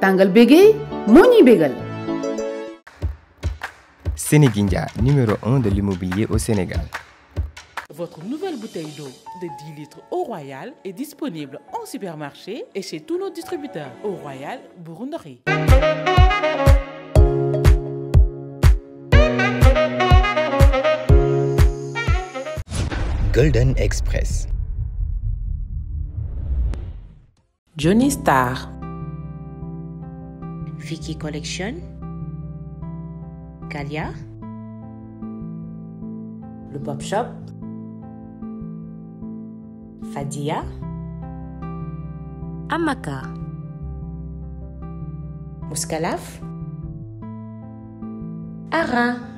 Tangle bégé, moni bégal. numéro 1 de l'immobilier au Sénégal. Votre nouvelle bouteille d'eau de 10 litres au Royal est disponible en supermarché et chez tous nos distributeurs au Royal Burundi. Golden Express. Johnny Star Vicky Collection, Galia, le Pop Shop, Fadia, Amaka, Mouskalaf, Ara.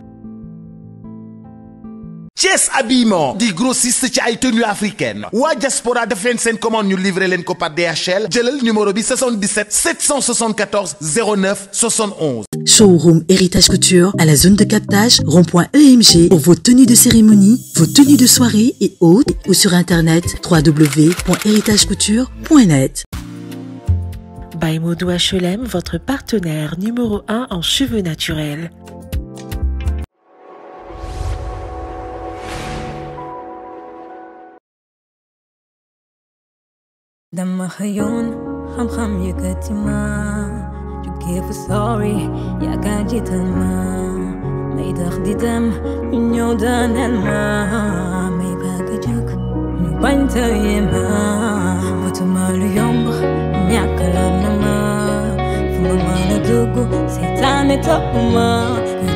Yes, habillement di grossistes ci ay tenues africaines à diaspora def leen seen commande nous livrer leen ko par DHL le numéro bi 77 774 09 71. Showroom Héritage Couture à la zone de captage rond-point EMG pour vos tenues de cérémonie, vos tenues de soirée et autres ou sur internet www.héritagecouture.net. By HLM, votre partenaire numéro 1 en cheveux naturels. دم خيون خم خم يكتما جو كيف سوري يا كاجي تنما ما يتخدي دم من يودان الما ما يباك جوك من بانتا يما وتما اليوم نعقل النما فما ما ندوقو سيطان تقما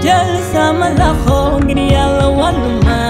جلسة ملاخو قريا لوالما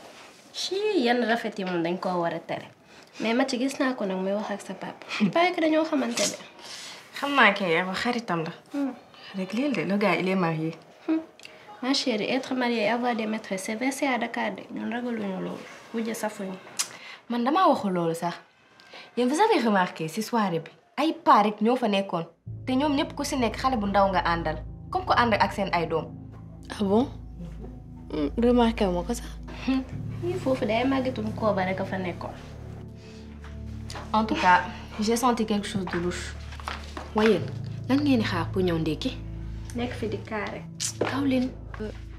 ci yenn rafet yi moom dañ koo war a tere mais Mathieu gis naa ko nag muy wax ak sa papa. pare que dañoo xamante ne. xam naa kii yow xaritam la. Hmm. rek lii de le gars il est marié. Hmm. ma chérie être marié avoir des maîtresses c'est vrai man damaa waxul loolu sax yéen vous avez remarqué si soirée bi ay paa ñoo fa nekkoon te ñoom ñëpp ku si nekk xale bu ndaw nga àndal comme ko ànd ak seen ay doom. ah bon hmm, remarqué ko sax. foofu day màggatum kooba rek a fa nekkoon. en tout cas j'ai senti quelque chose de louche. waaye lan ngeen di xaar pour ñëw ndékki. nekk fi di kaare. kaw leen.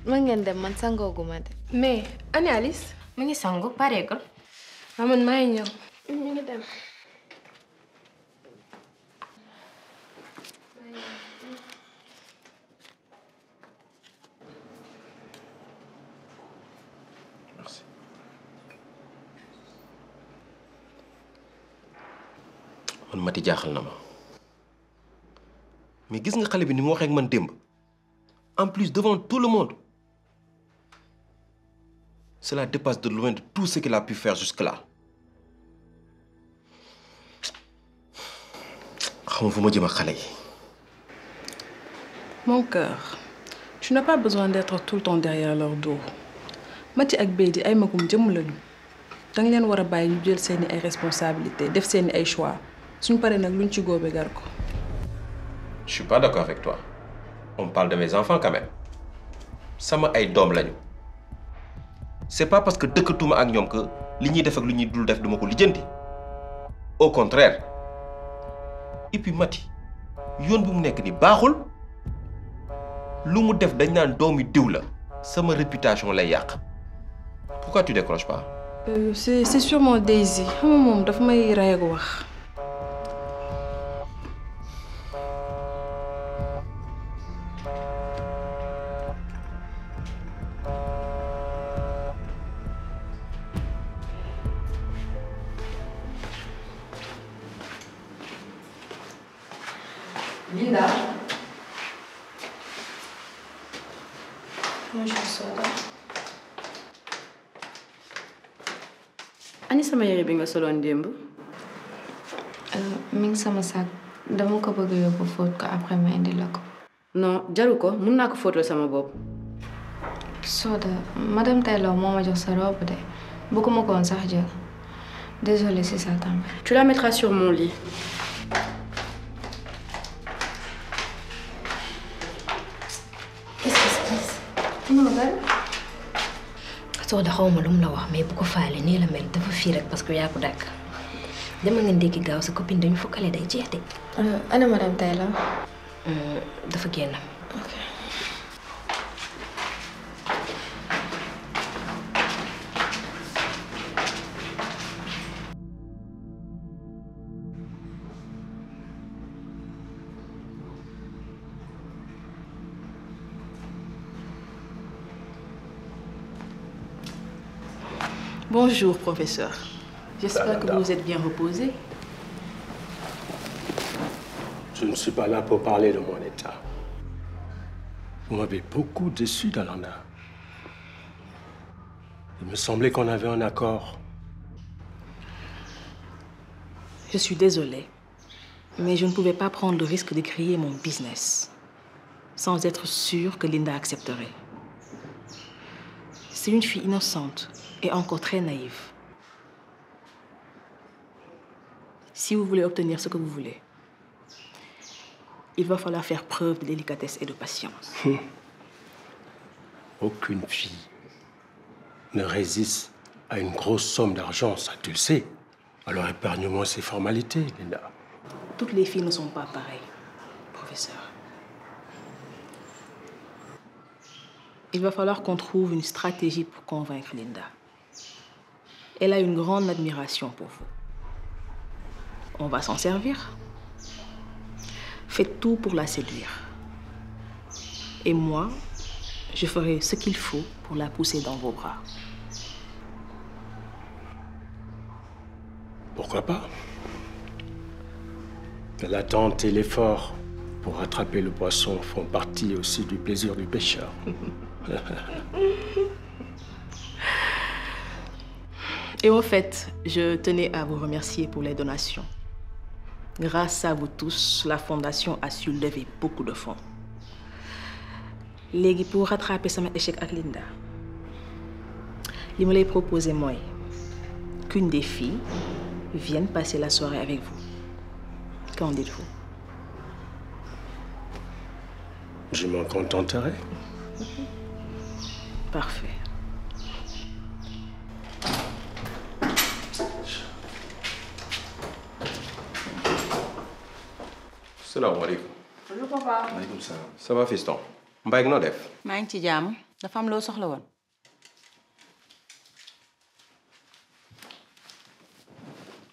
mën dem man sangoogu ma de. mais ana Alice. mu ngi sangu pareegul. waaw ah, man maa ngi ñëw. dem. mati jaaxal mais gis nga xalé bi ni mo man demb. en plus devant tout le monde cela dépasse de loin de tout ce qu'il a pu faire jusque-là xam fuma ma jëm ak yi mon cœur tu n'as pas besoin d'être tout le temps derrière leur dos Mati ak Beydi ay magum jëm lañu danga leen wara bay ñu jël seen ay responsabilités def seen ay choix suñ paree nag luñ ci góobee gar ko. je suis pas d'accord avec toi on parle de mes enfants quand même sama ay d'homme lañu c'est pas parce que dëkkatuma ak ñoom que li ñuy def ak lu ñuy dul def duma ko lijjanti au contraire et puis Mati yoon bu mu nekk ni baaxul lu mu def dañ naan doomi diw la sama réputation lay yàq pourquoi tu décroches pas. Euh, c'est c'est sûrement Daisy xam nga moom daf may rey ak wax. Bonjour soda Anissa, sama yére bi euh, Ming sama sac dama ko bëgg ko après ma non ko sama Soda madame Taylor jox sa robe de je ko sax désolée c'est ça tu la mettras sur mon lit soo de xaw ma lu mu la wax mais bu ko faale nii la mel dafa fii rek parce que yaa ko dàkk dama nga ndékki gaaw sa copine dañu fokkalee day jeex de. Euh, ana madame la euh, dafa génn. Bonjour, professeur. J'espère que vous vous êtes bien reposé. Je ne suis pas là pour parler de mon état. Vous m'avez beaucoup déçu, Dalanda. Il me semblait qu'on avait un accord. Je suis désolée, mais je ne pouvais pas prendre le risque de créer mon business sans être sûre que Linda accepterait. C'est une fille innocente et encore très naïve..! Si vous voulez obtenir ce que vous voulez, il va falloir faire preuve de délicatesse et de patience. Hum. Aucune fille ne résiste à une grosse somme d'argent, ça tu le sais. Alors épargne-moi ces formalités, Linda. Toutes les filles ne sont pas pareilles, professeur. Il va falloir qu'on trouve une stratégie pour convaincre Linda. Elle a une grande admiration pour vous. On va s'en servir. Faites tout pour la séduire. Et moi, je ferai ce qu'il faut pour la pousser dans vos bras. Pourquoi pas L'attente et l'effort pour attraper le poisson font partie aussi du plaisir du pêcheur. Et au fait, je tenais à vous remercier pour les donations. Grâce à vous tous, la Fondation a su lever beaucoup de fonds. Légit pour rattraper son échec avec Linda je me l'a proposer qu'une des filles vienne passer la soirée avec vous qu'en dites-vous je m'en contenterai parfait salaamaaleykum. Bonjour papa. papa. ça va fiston. Mbaye noo def. Ma ngi ci da fam lo soxla won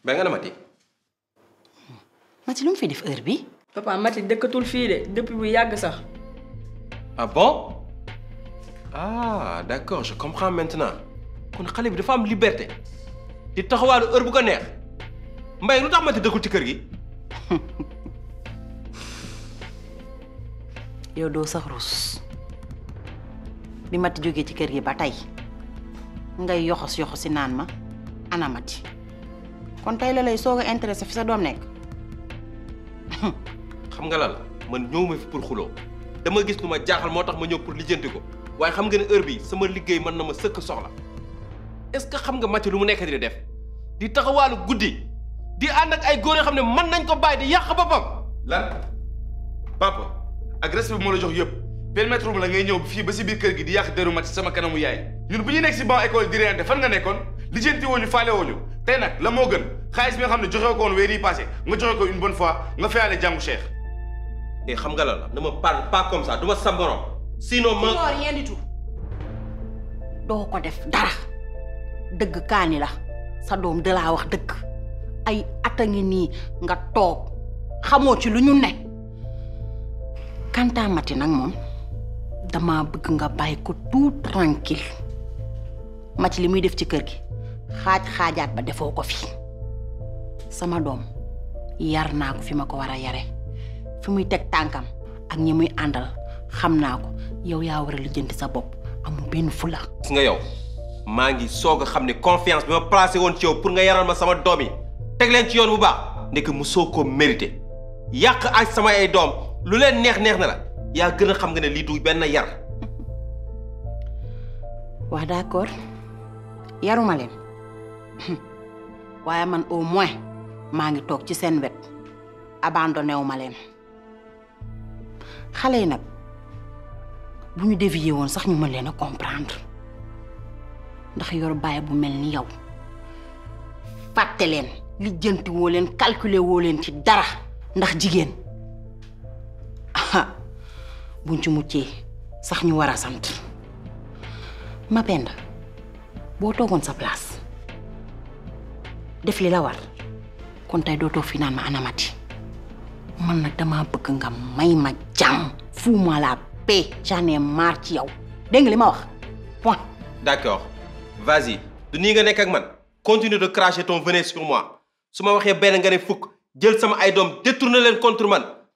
ba nga Mati. lu bi papa Mati dëkkatul fi de depuis bu ah bon. ah d'accord je comprends maintenant. kon xale bi dafa liberté. di heure bu ko neex. Mbaye lu tax yow do sax ruus bi mat jógee ci kër gi ba ngay yoxos yoxosi nan ma ana mat kon tay la lay soga intéressé fi sa dom nek xam nga lal man ñëw fi pour xulo dama gis numa ma jaaxal moo ma ñew pour lijeenti ko waye xam nga ne heure bi sama liggéey man na ma sekk soxla est ce que xam nga mati lu mu nekk di def di taxawaalu guddi di anak ak ay goor yo ne nañ ko bay di yak boppam lan papa Agresif mo la jox yeb permettre mo la ngay ñew fi ba ci biir kër gi di yàq deru ci sama kanamu yaay ñun bu ñu nekk ci ban école di réenté fan nga li jenti woñu faale woñu tay nak la mo gën xaalis bi nga xam joxé ko won wéri passé nga joxé ko une bonne fois nga fayaale jangou cheikh et eh, xam nga la la ne me parle pas comme ça du sa borom sinon ma non rien du tout do ko def dara deug kaani la sa dom de la wax deug ay atangi ni nga tok xamoo ci lu ñu kanta mati nag mom dama bëgg nga bàyyi ko tout tranquille mati li muy def ci kër gi xaj xajaat ba defoo ko fi sama dom, yar naa ko fi mako wara a yare fi muy tek tankam ak ñi muy andal xam ko yow ya wara a jënd sa bop amu ben fula. gis nga yow ma ngi soga a confiance bima placé won ci yow pour nga yaral ma sama domi, tek len ci yoon bu baax ndeke mu soko mérité ak sama ay dom lu leen neex neex na la ya gëna xam nga ne li du ben yar. wa d'accord yaruma leen waaye man au moins maa ngi toog ci seen wet abandonné wu ma leen xale yi nag bu ñu dévier woon sax ñu mën leen a comprendre ndax yor baay bu mel ni yow fàtte leen lijjanti woo leen calculer woo leen ci dara ndax jigéen. buñ ci muccee sax ñu war a sant ma pend boo toogoon sa place def li la war kon tey dootoo fi naan ma anamati man na dama bëgg nga may ma jàmm fu ma la paix j'en ai marre ci yow dégg li ma wax point d'accord vas-y du nii nga nekk ak man continue de cracher ton venin sur moi su ma waxee benn nga ne fukk jël sama ay doom détourne leen contre man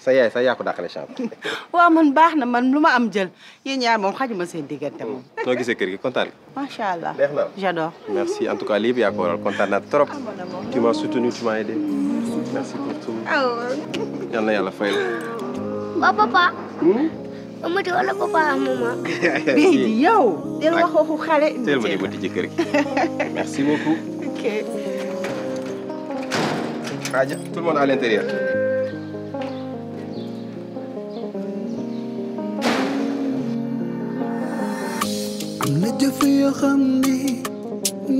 saya saya aku dakale ko wa man baxna man luma am jël yéen ñaar moom xajuma seen kan digënté mom to gisé kër gi contane nga. macha allah neex j'adore. Iya, merci en tout cas lii bi yaa ko waral kontaan trop. tu m'as soutenu tu m'as aidé. merci pour tout. yalla yalla yàlla fay la. waa papa. amati wala papa mama. Bi di yow. del waxo waxu xale. Del ma di ma tijji kër gi. merci beaucoup. ok. Adja tout le monde à l'intérieur. am na jëf xam ni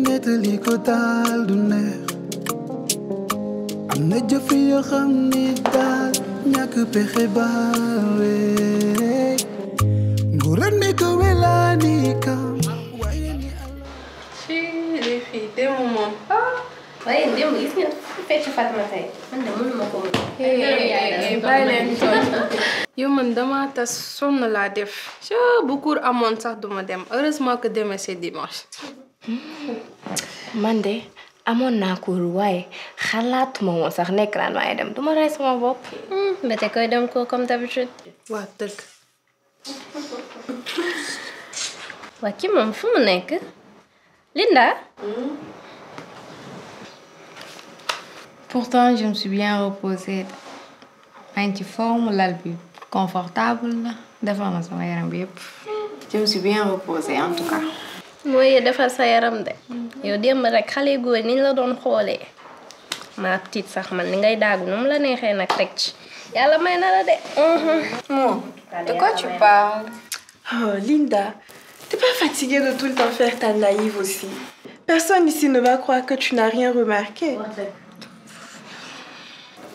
nettali ko daal du neex am na jëf yoo xam ni daal ñàkk pexe baawe nguur a ne ko welaani kam waaye ni am ci li fii démb moom waaye démb gis ngeen فيتش فاطمة تاي من دمون مكومة eu mă îndemă te la def și bucur am anțat dumă dem. Râs mă că de mese dimaș. Mande, am un nacur uai, halat mă o să ne cran mai dem. Dumă rai să mă vop. Mm, Bete că dăm cu cum de obicei. Wa târc. Wa chimăm fumnecă. Linda? Mm. Pourtant, je me suis bien reposée. maa forme confortable na sama je me suis bien reposée en tout cas. mooy defar sa yaram de. yow démb rek xale góor ni la doon xoolee. Ma petite sax man ni ngay dagu num la nexé nak teg ci. may na la dé. Mhm. Mo, de quoi tu parles? Linda, oh, Linda, t'es pas fatiguée de tout le temps faire ta naïve aussi. Personne ici ne va croire que tu n'as rien remarqué.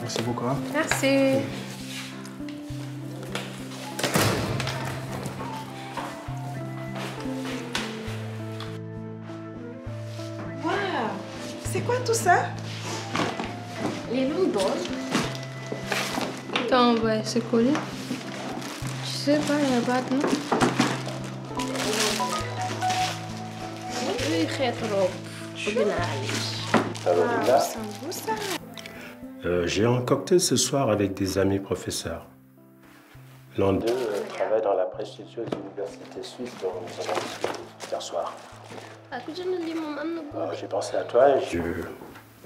Merci beaucoup. Hein. Merci. C'est quoi tout ça Les loups Attends, on se coller. Je sais pas, il y a pas euh, j'ai un cocktail ce soir avec des amis professeurs. L'un d'eux travaille euh, dans la prestigieuse université suisse dont nous avons hier soir. Ah, ah, j'ai pensé à toi et je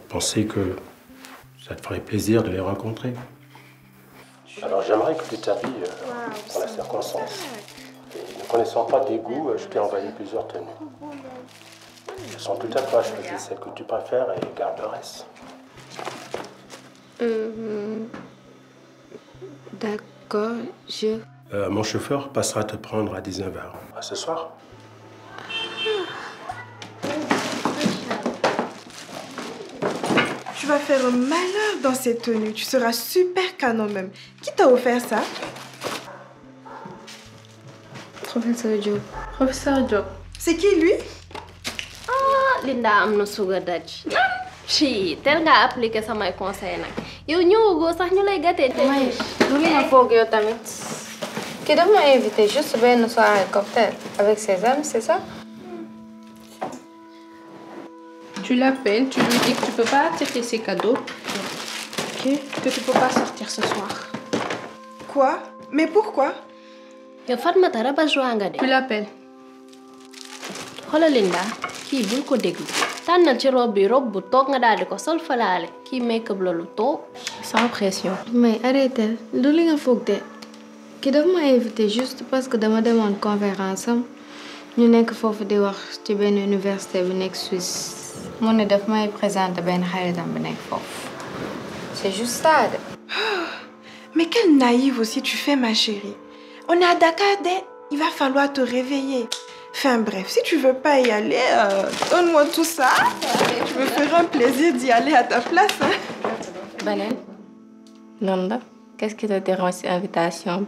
pensais que ça te ferait plaisir de les rencontrer. Alors j'aimerais que tu t'habilles dans euh, la circonstance. ne connaissant pas tes goûts, je t'ai envoyé plusieurs tenues je sont toutes à toi, celle que tu préfères et garde euh, D'accord, je. Euh, mon chauffeur passera te prendre à 19h. À ce soir. Tu vas faire un malheur dans cette tenue. Tu seras super canon même. Qui t'a offert ça Professeur Joe. Professeur Job. C'est qui lui daa am na sugar daj. ci tel nga appliqué samay conseil nag yow ñëwagoo sax ñu lay Mais may lu ngeen a foog yow tamit. que daf ma invité juste benn soirée cocktail avec ses amis c'est ça. tu l'appelles, tu lui dis que tu peux pas accepter ses cadeaux. Ok. Que tu peux pas sortir ce soir. Quoi? Mais pourquoi? yow Fatmata rabat joie nga de. tu l'appelles. xoolal Linda. Qui bul ko déglu tànnal ci robe robe bu toog nga daal di ko sol falaale kii make up sans pression mais arrête. Le li nga fogg dé ki daf ma invité juste parce que dama demande conférence ñu nek fofu di wax ci ben université bu nek Suisse mu ne daf may présenter ben xaritam bu nek foofu c'est juste ça mais quelle naïve aussi tu fais ma chérie on est à Dakar dès il va falloir te réveiller Enfin bref, si tu veux pas y aller, euh, donne-moi tout ça. Je me ferai un plaisir d'y aller à ta place. Hein. Banane, Nanda, qu'est-ce qui te dérange cette invitation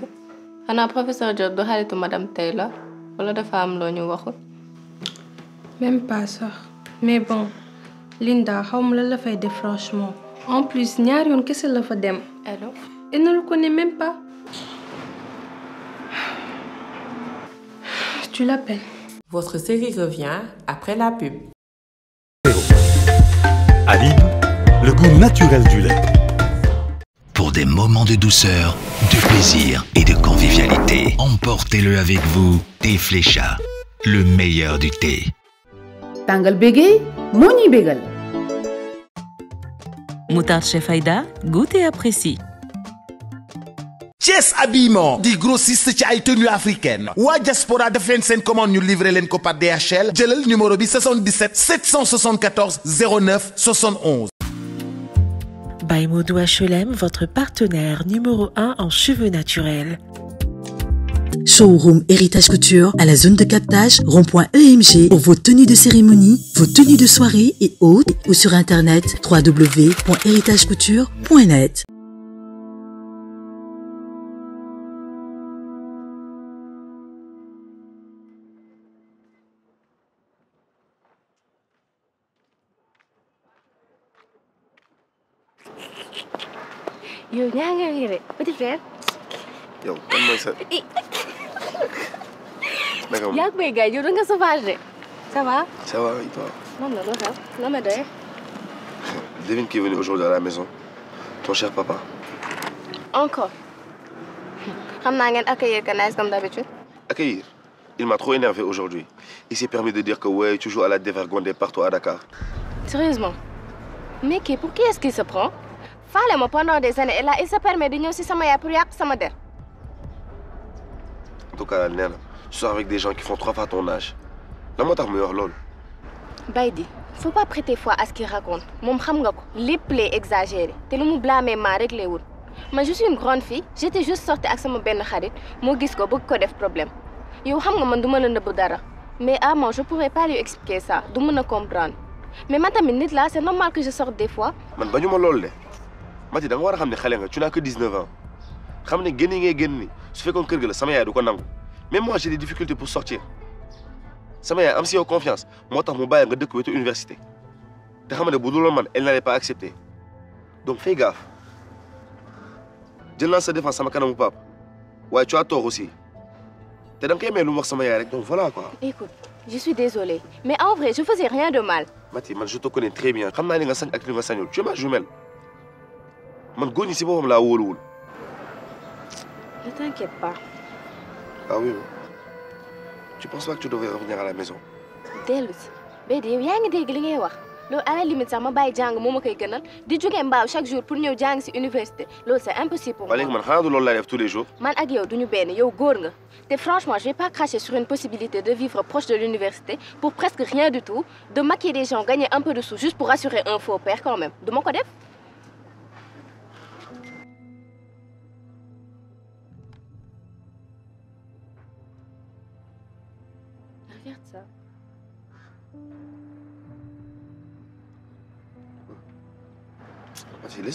Anna, professeur Job, tu as Madame Taylor Ou tu femme l'on Même pas ça. Mais bon, Linda, je la fait pas franchement. En plus, Nyarion, qu'est-ce qu'elle fait d'elle Allô Elle ne le connaît même pas. Tu l'appelles votre série revient après la pub. Alib, le goût naturel du lait. Pour des moments de douceur, de plaisir et de convivialité, emportez-le avec vous, Thé Flécha, le meilleur du thé. Tangal Bégé, Moni Bégal. Moutarde Chef Aïda, goûte et apprécie bees grossistes di grossiste ci ay tenues africaines à diaspora def commande nous livrer ko par DHL numéro bi 77 774 09 71. By HLM, votre partenaire numéro 1 en cheveux naturels. Showroom Héritage Couture à la zone de captage EMG pour vos tenues de cérémonie, vos tenues de soirée et autres ou sur internet www.héritagecouture.net. You now gonna petit it. What is Yo, donne-moi Yak bega, yo donne sauvage. Ça va? Ça va, et toi? Non, non, non, ça. Non, Devine qui est venu aujourd'hui à la maison. Ton cher papa. Encore. Ramagan accueillir Canas comme d'habitude. Accueillir. Il m'a trop énervé aujourd'hui. Il s'est permis de dire que ouais, toujours à la dévergondée partout à Dakar. Sérieusement Mais qui, pour qui est-ce qu'il se prend faale moi pendant des années et là il se permet de ñëw si sama yaay pour yàq sama der. en tout cas tu sors avec des gens qui font trois fois ton âge La moo tax muy wax loolu. Baydi faut pas prêter foi à ce qu'il raconte moom xam nga ko lépp lay exagéré te lu mu blâmer maa rek lay wut man je suis une grande fille j'étais juste sortie avec sama benn xarit moo gis ko bëgg ko def problème yow xam nga man du ma la dara mais ah moi, je pourrais pas lui expliquer ça du mën a comprendre mais maintenant tamit nit la c'est normal que je sorte des fois. man bañu ma loolu Mathieu, da nga war a nga tu n'as que 19 ans xam ne génn ngay génn ni su fekkoon kër ga la sama yaay du ko nangu même moi j'ai des difficultés pour sortir sama yaay am si confiance Moi, tax mu bàyyi nga dëkk wetu université te xam ne bu dul man elle n'allait pas accepter donc fais gaffe jël naa sa défense sama kanamu pap Ouais, tu as tort aussi te da donc koy may lu mu wax sama rek donc voilà quoi. écoute je suis désolée mais en vrai je faisais rien de mal. Mati man je te connais très bien xam naa ni nga sañ tu es ma jumelle man góor ci bopam la laa wóoluwul. ne t'inquiète pas. ah oui tu penses pas que tu devrais revenir à la maison. dellu si béy de yow ngi dégg li ngay wax loolu à limite sax ma bàyyi jàng moo koy gënal di jóge mbaw chaque jour pour ñëw jang si université lool c'est impossible pour moi. waaye man xanaa du loolu def tous les jours. man ak yow duñu benn yow goor nga te franchement je vais pas cracher sur une possibilité de vivre proche de l'université pour presque rien du tout de maquiller des gens gagner un peu de sous juste pour assurer un faux père quand même du mon ko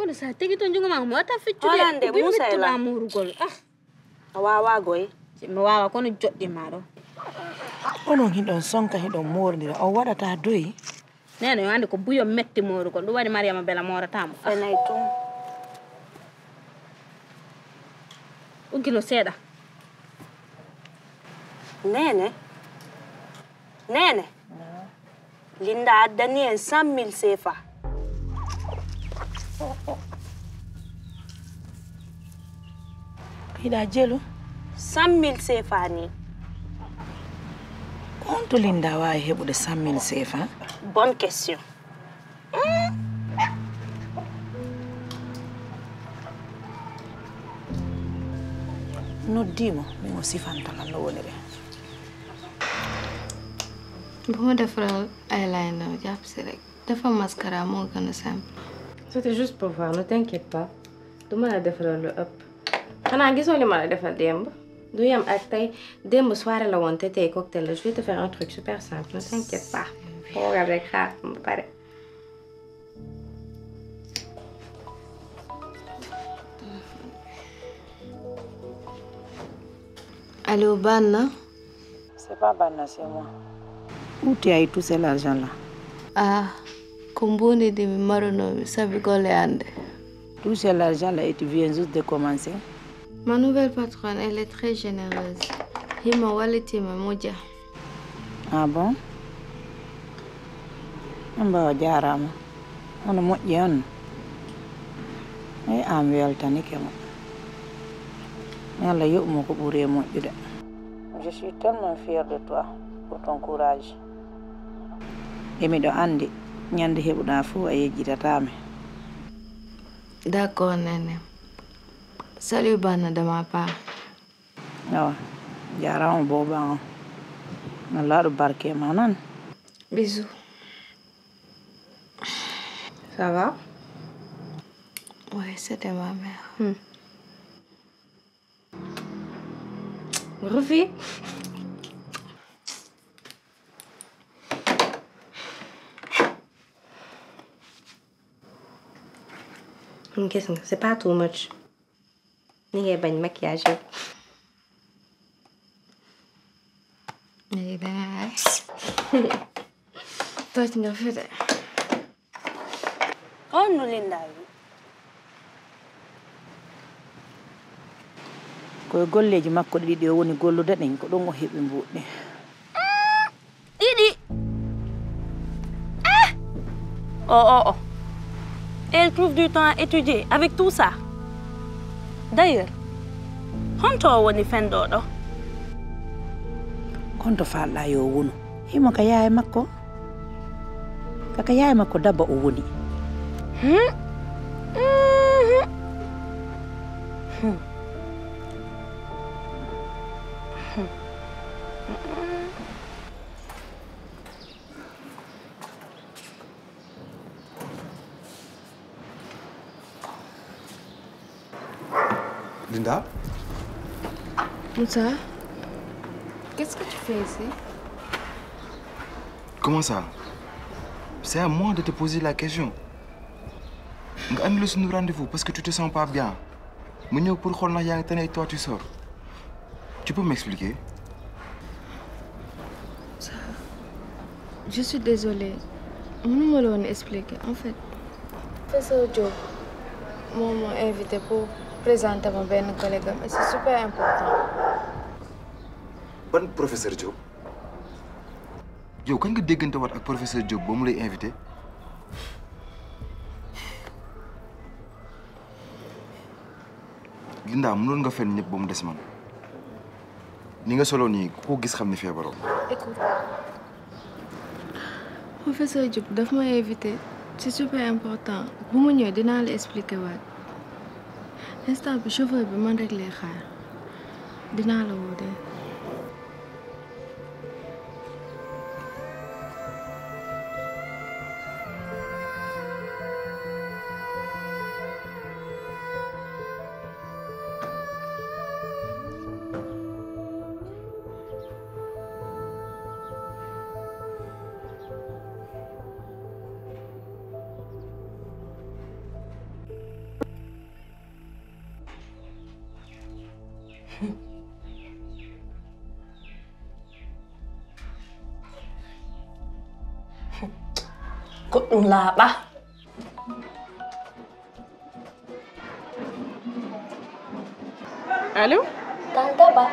kono sate ki tonjung ma mo ta fitu de holande mo sai la murugol ah wawa goy ci mo wawa kono joddi ma do kono hin don sonka hin don morni o oh, wada ta doy neno yande ko buyo metti murugol do wani mariama bela morata mo ah. fe nay tum ugi no seda ah. nene nene linda addani en 100000 sefa Il a dit 100 000 Céphani. Quand Linda a eu 100 000 Céphani? Bonne question. Hmm? Nous disons, nous aussi fantôme, nous voulons. Bon, d'après l'eyeliner, j'ai appris. D'après le mascara, mon gars, c'est simple c'était juste pour voir ne t'inquiète pas Je ma la le up. ëpp xanaa gisoo ce que la defal démb du yem ak tey démb soirée la woon te cocktail je vais te faire un truc super simple ne t'inquiète pas xoogal rek xaar ba pare Allô, Banna C'est pas Banna, c'est moi. Où tu as eu tout cet argent-là Ah, Kumbuni de Maruno Savigoleande. Tout cet l'argent là est tu viens juste de commencer. Ma nouvelle patronne, elle est très généreuse. Hima waliti moja. Ah bon? Mba jarama. Ono moƴƴi on. Ei eh, an weltanike mo. Allah yoɓmo ko ɓuri e Je suis tellement fière de toi pour ton courage. E miɗo anndi nyande heɓuɗa fuu a d'accord d' nene salut bana de ma part awa jarama boba on allah waɗu barkema noon bisou ça va ouais c'était ma mère hmm. I'm guessing it's about too much. Ninguém é bem de maquiagem. Maybe. Estou a ver. Oh, no lindai. koye golleji makko ɗiɗi ɗi o woni gollude ɗen ko ɗum o heɓi mbuɗɗi Ah! o o o elle trouve du temps à étudier avec tout ça. D'ailleurs, honto woni fenɗo ɗo konto falɗa yo wono himo ka yaya makko kaka yaya makko dabba o woni hmm? Ça. qu'est-ce que tu fais ici Comment ça C'est à moi de te poser la question. nga annulé rendez-vous parce que tu te sens pas bien Mais pour tu sors tu peux m'expliquer ça je suis désolée Nous peux pas expliquer en fait professeur Diop est invité pour présenté ma benn am et c'est super important. ban professeur Diop. yow kañ nga déggante waat ak professeur Diop ba mu lay invité. Linda mënoon nga fen ñëpp ba mu des man ni nga solo nii ku ko gis xam ni feebaroo. écoute professeur Diop daf ma invité c'est super important bu ma ñëwee dinaa la expliquer waat. instant bi chauffeur bi man rek lay xaar dinaa la woo de Cũng là ba. Alo? Tante ba.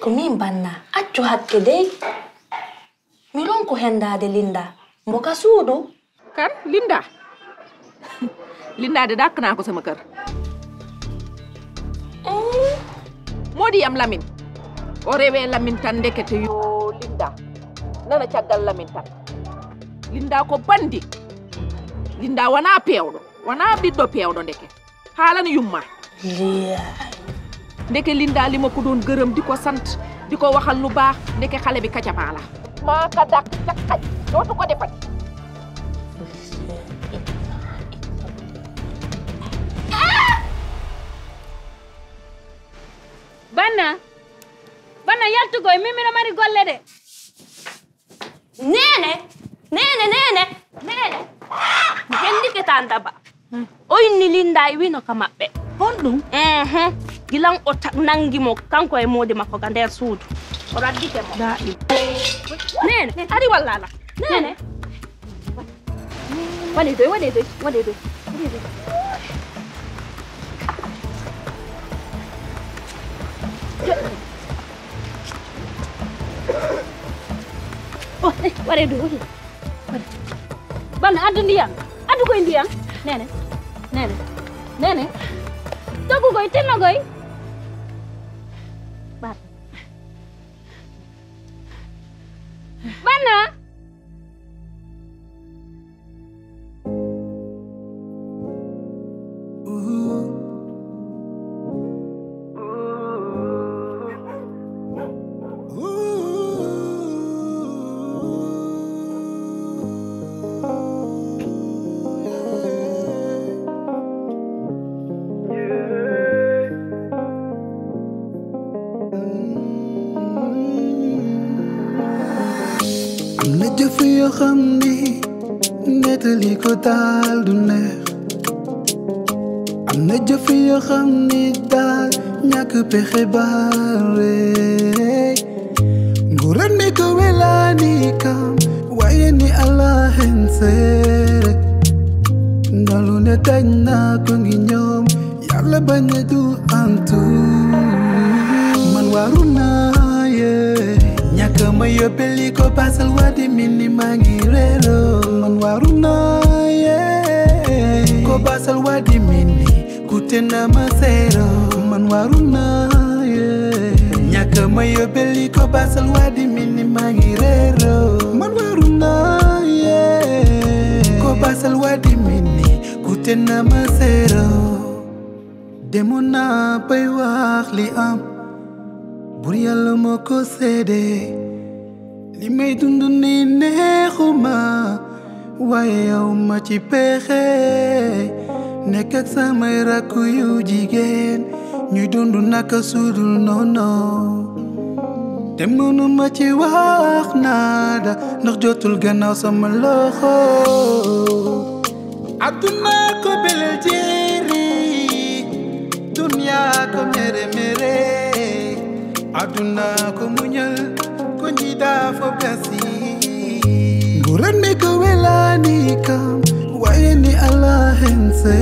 Kumin banna, accu hakke dai. Milon ku ada Linda, mboka suudu. Kan, Linda? Linda da aku sama ker. woodi yam lamin o rewe lamin tan ndekete yo linda nana caggal lamin tan linda ko bandi linda wana pewɗo wana ɓiɗɗo pewɗo ndeke haalana yumma ndeke linda lima ko ɗon gërëm di ko sant di ko waxal lu baax ndeke xale bi kaca maala maa ka dak ca xaj dootu ko defati goy mimino mari golle de nene nene nene nene hendike tan daba o inni linda e wino ka maɓɓe honɗum ehe gilan o nangimo kanko e modi makko ga nder suudu o raddike mo daɗi nene ari walla ala nene waɗe doy waɗe doy waɗe doy waɗe doy Yeah. waɗeede waɗi waɗi banno addu ndiyan addu koye ndiyan nene nene nene doggu koye tinno koye banna xam ni nettali ko daal du neex am na jëf yoo xam ni daal ñàkk pexe bare nguuran mi ko welaani kam waaye ni allah hen seere ndalu ne dañ naa ko ngi ñoom yàlla bañ ne du antu man waaru kama yo peli ko pasal wadi mini mangi rero man na ye ko pasal wadi mini kutena masero man waruna yeah nyaka mayo peli ko pasal wadi mini mangi rero man na ye ko pasal wadi mini kutena masero demona pay wax li am Buri yàlla moo ko séedee li may dund nii neexuma waaye yow ma ci pexe nekk ak samay rakk yu jigéen ñuy dund naka sudul noonu te mënu ma ci wax naada ndax jotul gannaaw sama loxo adduna ko bele jeri dunya ko mere mere adduna ko muñal shida for blessing. Guranne ka welani kam wayeni Allah hense.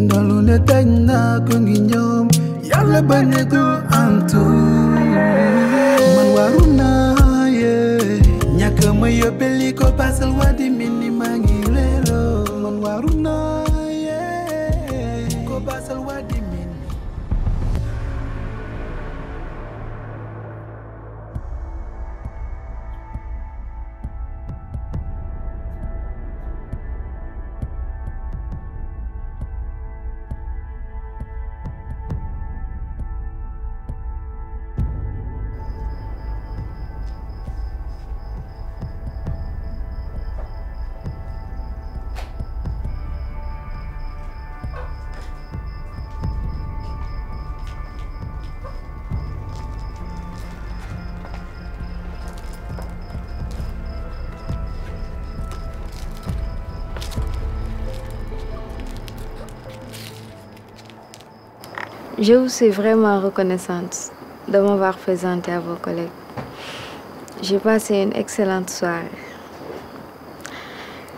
Ndalune tanya kunginyom yalla banyetu antu. Manwaruna ye nyaka mayo beliko pasal wadi minimangi. Je vous suis vraiment reconnaissante de m'avoir présenté à vos collègues. J'ai passé une excellente soirée.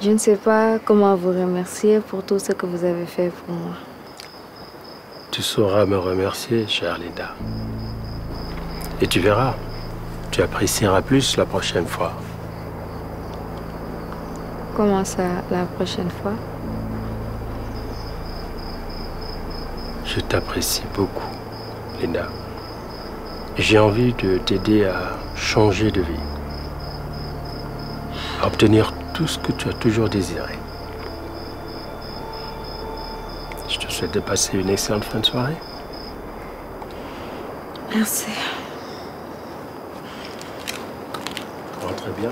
Je ne sais pas comment vous remercier pour tout ce que vous avez fait pour moi. Tu sauras me remercier, chère Linda. Et tu verras, tu apprécieras plus la prochaine fois. Comment ça, la prochaine fois Je t'apprécie beaucoup, Lena. J'ai envie de t'aider à changer de vie, à obtenir tout ce que tu as toujours désiré. Je te souhaite de passer une excellente fin de soirée. Merci. très bien.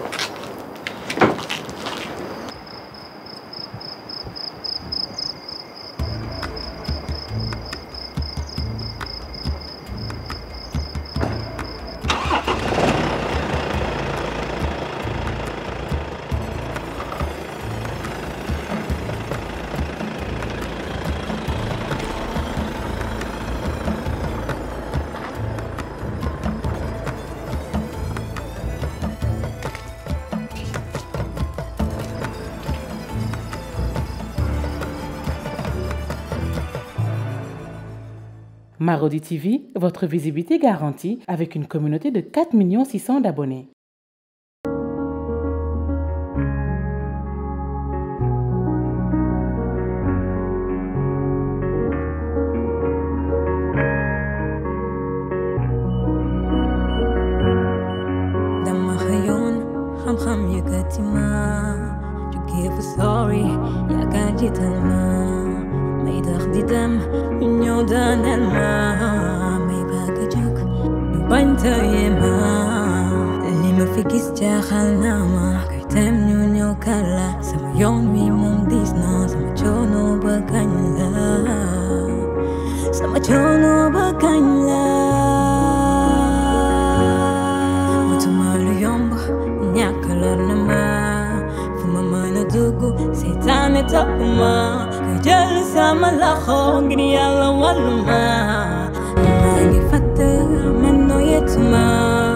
Marodi TV, votre visibilité garantie avec une communauté de 4 600 d'abonnés. Sorry, odanın ma may bakacak banta yema lima fikis jahalna ma kaitem nyunyo kala sama yon mi mum disna sama chono bakanya sama chono bakanya Otumalı yomba nyakalarına ma Fumamana dugu seytane tapma جلسة ملخوقني يلا والما باقي فتر منو يتما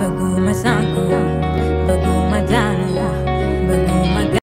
بقوم اسعكم بقوم